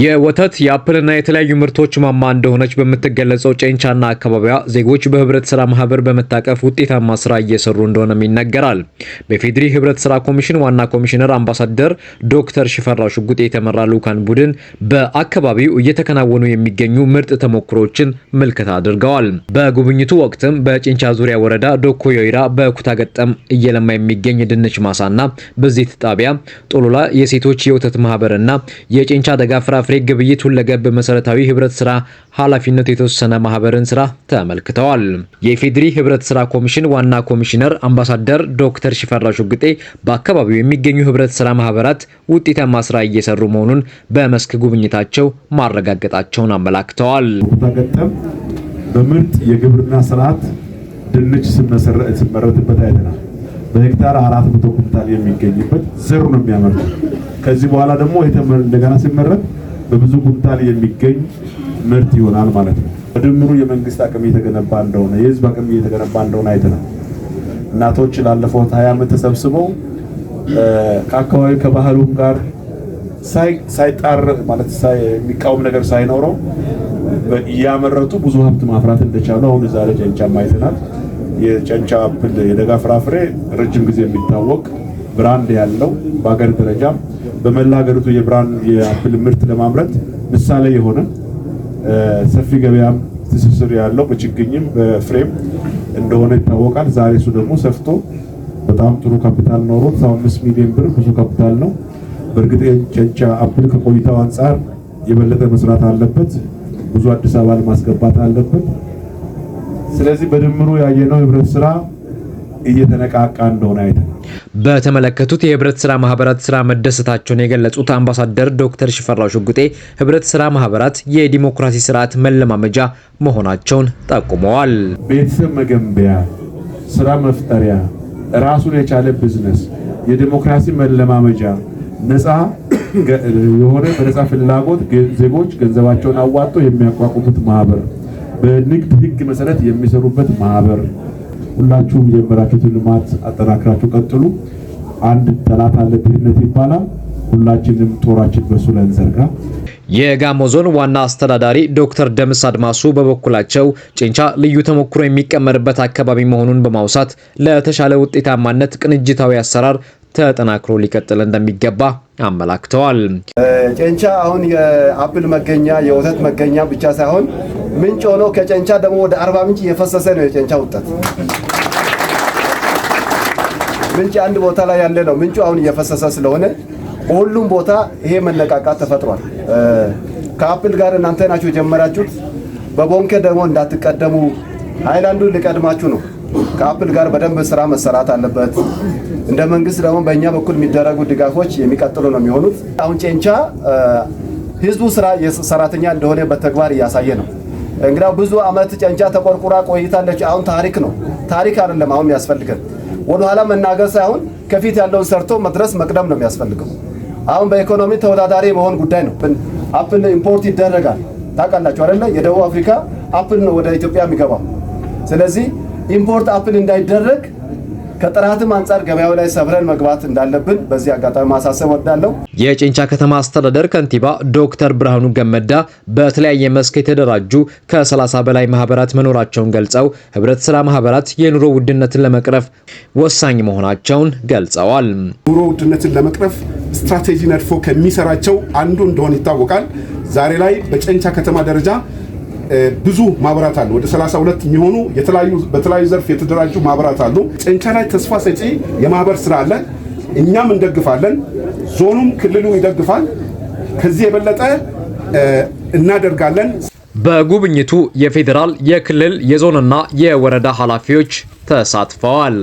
የወተት የአፕልና የተለያዩ ምርቶች ማማ እንደሆነች በምትገለጸው ጨንቻና አካባቢዋ ዜጎች በህብረት ስራ ማህበር በመታቀፍ ውጤታማ ስራ እየሰሩ እንደሆነም ይነገራል። በፌዴሪ ህብረት ስራ ኮሚሽን ዋና ኮሚሽነር አምባሳደር ዶክተር ሽፈራው ሽጉጤ የተመራ ልዑካን ቡድን በአካባቢው እየተከናወኑ የሚገኙ ምርጥ ተሞክሮችን ምልከታ አድርገዋል። በጉብኝቱ ወቅትም በጨንቻ ዙሪያ ወረዳ ዶኮ ዮይራ በኩታ ገጠም እየለማ የሚገኝ ድንች ማሳና በዚህ ጣቢያ ጦሎላ የሴቶች የወተት ማህበርና የጨንቻ ደጋ ፍራ የፍራፍሬ ግብይት ሁለገብ መሰረታዊ ህብረት ስራ ኃላፊነት የተወሰነ ማህበርን ስራ ተመልክተዋል። የኢፌዴሪ ህብረት ስራ ኮሚሽን ዋና ኮሚሽነር አምባሳደር ዶክተር ሽፈራው ሽጉጤ በአካባቢው የሚገኙ ህብረት ስራ ማህበራት ውጤታማ ስራ እየሰሩ መሆኑን በመስክ ጉብኝታቸው ማረጋገጣቸውን አመላክተዋል። በምርጥ የግብርና ስርዓት ድንች ሲመረትበት አይተናል። በሄክታር አራት መቶ ኩንታል የሚገኝበት ዘሩ ነው የሚያመርተው። ከዚህ በኋላ ደግሞ እንደገና ሲመረት በብዙ ኩንታል የሚገኝ ምርት ይሆናል ማለት ነው። በድምሩ የመንግስት አቅም እየተገነባ እንደሆነ የህዝብ አቅም እየተገነባ እንደሆነ አይተናል። እናቶች ላለፈው ሀያ ዓመት ተሰብስበው ከአካባቢ ከባህሉም ጋር ሳይጣር ማለት የሚቃወም ነገር ሳይኖረው እያመረቱ ብዙ ሀብት ማፍራት እንደቻሉ አሁን ዛሬ ጨንቻም አይተናል። የጨንቻ አፕል የደጋ ፍራፍሬ ረጅም ጊዜ የሚታወቅ ብራንድ ያለው በሀገር ደረጃም በመላ ሀገሪቱ የብራን የአፕል ምርት ለማምረት ምሳሌ የሆነ ሰፊ ገበያም ትስስር ያለው በችግኝም በፍሬም እንደሆነ ይታወቃል። ዛሬ እሱ ደግሞ ሰፍቶ በጣም ጥሩ ካፒታል ኖሮት አምስት ሚሊዮን ብር ብዙ ካፒታል ነው። በእርግጥ ጨንቻ አፕል ከቆይታው አንጻር የበለጠ መስራት አለበት። ብዙ አዲስ አበባ ለማስገባት አለበት። ስለዚህ በድምሩ ያየነው ህብረት ስራ እየተነቃቃ እንደሆነ አይተናል። በተመለከቱት የህብረት ስራ ማህበራት ስራ መደሰታቸውን የገለጹት አምባሳደር ዶክተር ሽፈራው ሽጉጤ ህብረት ስራ ማህበራት የዲሞክራሲ ስርዓት መለማመጃ መሆናቸውን ጠቁመዋል። ቤተሰብ መገንቢያ፣ ስራ መፍጠሪያ፣ ራሱን የቻለ ቢዝነስ፣ የዲሞክራሲ መለማመጃ ነፃ የሆነ በነፃ ፍላጎት ዜጎች ገንዘባቸውን አዋጥተው የሚያቋቁሙት ማህበር፣ በንግድ ህግ መሰረት የሚሰሩበት ማህበር ሁላችሁም የጀመራችሁትን ልማት አጠናክራችሁ ቀጥሉ። አንድ ጠላት አለ ድህነት ይባላል። ሁላችንም ጦራችን በሱ ላይ እንዘርጋ። የጋሞ ዞን ዋና አስተዳዳሪ ዶክተር ደምስ አድማሱ በበኩላቸው ጭንቻ ልዩ ተሞክሮ የሚቀመርበት አካባቢ መሆኑን በማውሳት ለተሻለ ውጤታማነት ቅንጅታዊ አሰራር ተጠናክሮ ሊቀጥል እንደሚገባ አመላክተዋል። ጭንቻ አሁን የአፕል መገኛ የወተት መገኛ ብቻ ሳይሆን ምንጭ ሆኖ ከጨንቻ ደግሞ ወደ አርባ ምንጭ እየፈሰሰ ነው። የጨንቻ ወጣት ምንጭ አንድ ቦታ ላይ ያለ ነው። ምንጩ አሁን እየፈሰሰ ስለሆነ ሁሉም ቦታ ይሄ መነቃቃት ተፈጥሯል። ከአፕል ጋር እናንተ ናችሁ የጀመራችሁት። በቦንከ ደግሞ እንዳትቀደሙ፣ ሀይላንዱ ሊቀድማችሁ ነው። ከአፕል ጋር በደንብ ስራ መሰራት አለበት። እንደ መንግስት ደግሞ በእኛ በኩል የሚደረጉ ድጋፎች የሚቀጥሉ ነው የሚሆኑት። አሁን ጨንቻ ህዝቡ ስራ ሰራተኛ እንደሆነ በተግባር እያሳየ ነው። እንግዲያው ብዙ አመት ጨንቻ ተቆርቁራ ቆይታለች። አሁን ታሪክ ነው። ታሪክ አይደለም አሁን የሚያስፈልገን ወደኋላ መናገር ሳይሆን ከፊት ያለውን ሰርቶ መድረስ መቅደም ነው የሚያስፈልገው። አሁን በኢኮኖሚ ተወዳዳሪ መሆን ጉዳይ ነው። አፕል ኢምፖርት ይደረጋል ታውቃላችሁ አይደለ? የደቡብ አፍሪካ አፕል ነው ወደ ኢትዮጵያ የሚገባው። ስለዚህ ኢምፖርት አፕል እንዳይደረግ ከጥራትም አንጻር ገበያው ላይ ሰብረን መግባት እንዳለብን በዚህ አጋጣሚ ማሳሰብ ወዳለሁ። የጭንቻ ከተማ አስተዳደር ከንቲባ ዶክተር ብርሃኑ ገመዳ በተለያየ መስክ የተደራጁ ከ30 በላይ ማህበራት መኖራቸውን ገልጸው ህብረት ስራ ማህበራት የኑሮ ውድነትን ለመቅረፍ ወሳኝ መሆናቸውን ገልጸዋል። ኑሮ ውድነትን ለመቅረፍ ስትራቴጂ ነድፎ ከሚሰራቸው አንዱ እንደሆነ ይታወቃል። ዛሬ ላይ በጭንቻ ከተማ ደረጃ ብዙ ማህበራት አሉ። ወደ 32 የሚሆኑ በተለያዩ ዘርፍ የተደራጁ ማህበራት አሉ። ጨንቻ ላይ ተስፋ ሰጪ የማህበር ስራ አለ። እኛም እንደግፋለን፣ ዞኑም ክልሉ ይደግፋል። ከዚህ የበለጠ እናደርጋለን። በጉብኝቱ የፌዴራል የክልል የዞንና የወረዳ ኃላፊዎች ተሳትፈዋል።